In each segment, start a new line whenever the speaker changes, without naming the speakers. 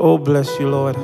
Oh, bless you, Lord.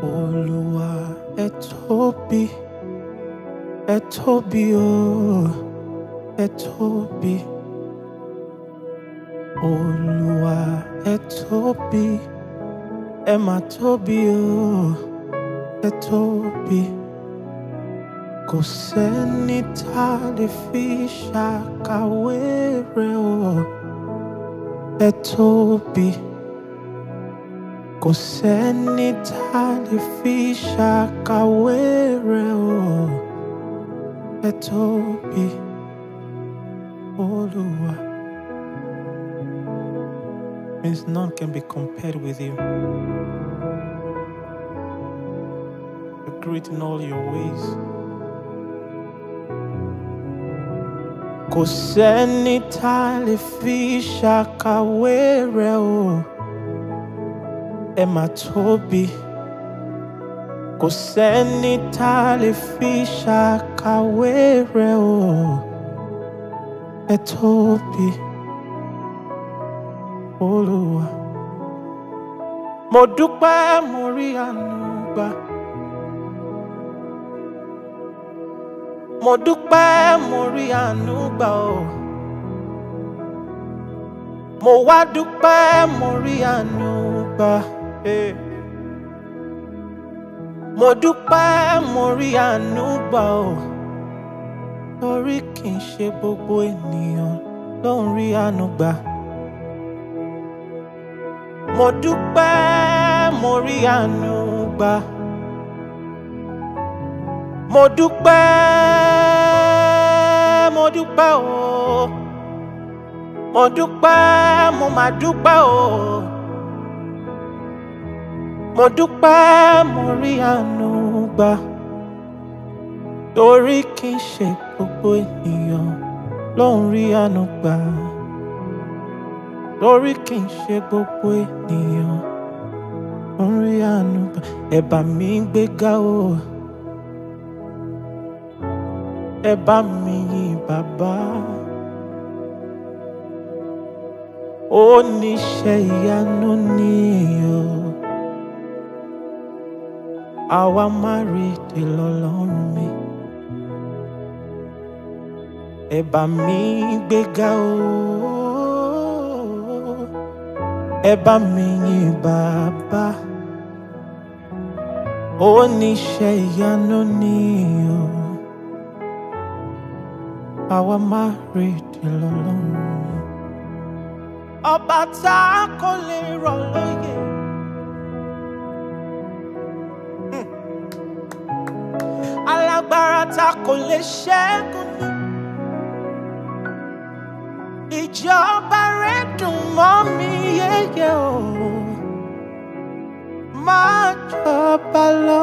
Olua etobi, etobi o, etobi. Olua etobi, ematobi o, etobi. ẹ kò sẹ́ni tá a lè fi ṣàkàwé rẹ̀ o ẹ tóbi kò sẹ́ni tá a lè fi ṣàkàwé rẹ̀ o ẹ tóbi Olúwa means none can be compared with you. You're great in all your ways. kò sẹ́ni tá a lè fi ṣàkàwé rẹ̀ o ẹ mà tóbi kò sẹ́ni tá a lè fi ṣàkàwé rẹ̀ o ẹ e tóbi Olúwa mo dúpẹ́ mo rí àánú gbà. mo dúpẹ́ mo rí àánú gbà o. mo wá dúpẹ́ mo rí àánú gbà. Eh. mo dúpẹ́ mo rí àánú gbà o. torí kì í ṣe gbogbo ènìyàn ló ń rí àánú gbà. mo dúpẹ́ mo rí àánú gbà. mo dúpẹ́ dúpẹ́ o mo dúpẹ́ mo máa dúpẹ́ o mo dúpẹ́ mo rí àánú gbà torí kì í ṣe gbogbo ènìyàn ló ń rí àánú gbà torí kì í ṣe gbogbo ènìyàn ló ń rí àánú gbà ẹ̀bà mi ń gbéga o ẹ̀bà mi bàbá oníṣẹ́ ìyanu ni o àwa má rí ti lọ́lọ́run mi ẹ mi gbéga o ẹ bá mi yìn bàbá oníṣẹ́ ìyanu ni I was married all alone. Ọba tá a kò lè rọ̀ lóyè. Alágbára tá a kò lè Ìjọba rẹ̀ dùn mọ́ mi o. Máa jọba lọ.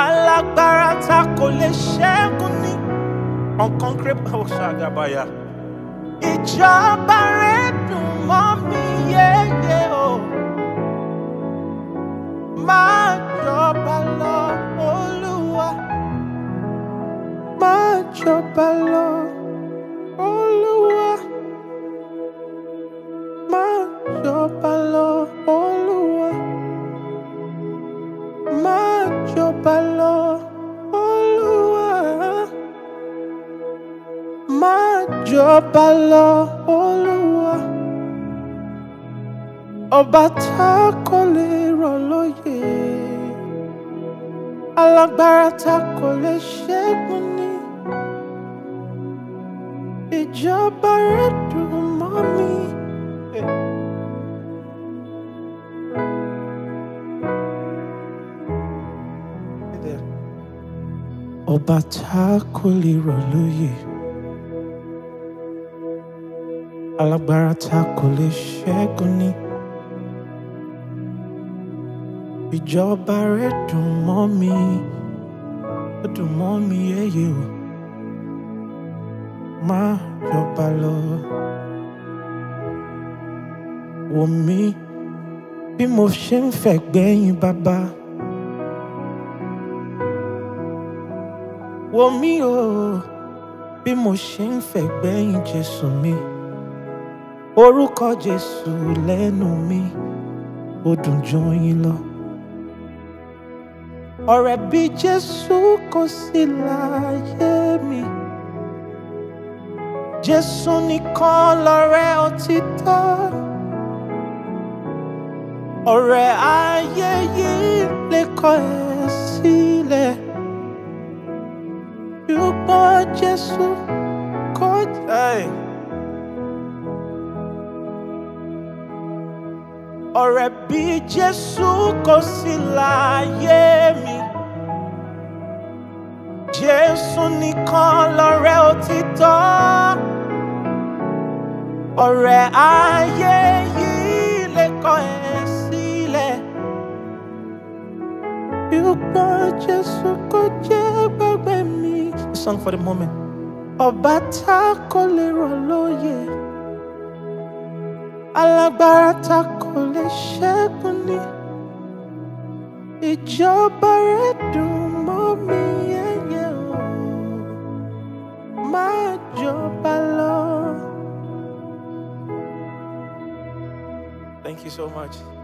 alágbára ta kò lè ṣẹ́gun ní. unconquerable oh, ṣàgàbàyà ìjọba ọba lọ olúwa ọba tá a kò lè rọ̀ lóyè alágbára tá a kò lè ṣẹ́gun ní ìjọba rẹ̀ dùn mọ́ mi. ọba tá a kò lè rọ̀ alágbára ta kò lè ṣẹ́gun ni. Ìjọba rẹ̀ dùn mọ́ mi, ó dùn mọ́ mi yẹ́yẹ́ o. Má jọba lọ. Wò mí bí mo ṣe ń fẹ̀gbẹ́yìn bàbá. Wò mí o bí mo ṣe ń fẹ̀gbẹ́yìn Jésù mi. Oh orúkọ Jésù lẹ́nu mi ó dùn ju oyin lọ. ọ̀rẹ́ bí Jésù kò sí láyé mi Jésù nìkan lọ̀rẹ́ òtítọ́ ọ̀rẹ́ ayé yìí lè kọ̀ ẹ́ sílẹ̀ ṣùgbọ́n Jésù kọjá ẹ̀. ọ̀rẹ́ bí Jésù kò sí láyé mi Jésù nìkan lọ̀rẹ́ òtítọ́ ọ̀rẹ́ ayé yìí lè kọ̀ ẹ́ sílẹ̀ ṣùgbọ́n Jésù kò jẹ́ gbàgbé mi. Song for the moment. Ọba tá kò lè rọ̀ lóye alágbára ta kò lè ṣẹ́gun ni ìjọba rẹ dùn mọ́ mi yẹ́yẹ́ o jọba lọ. Thank you so much.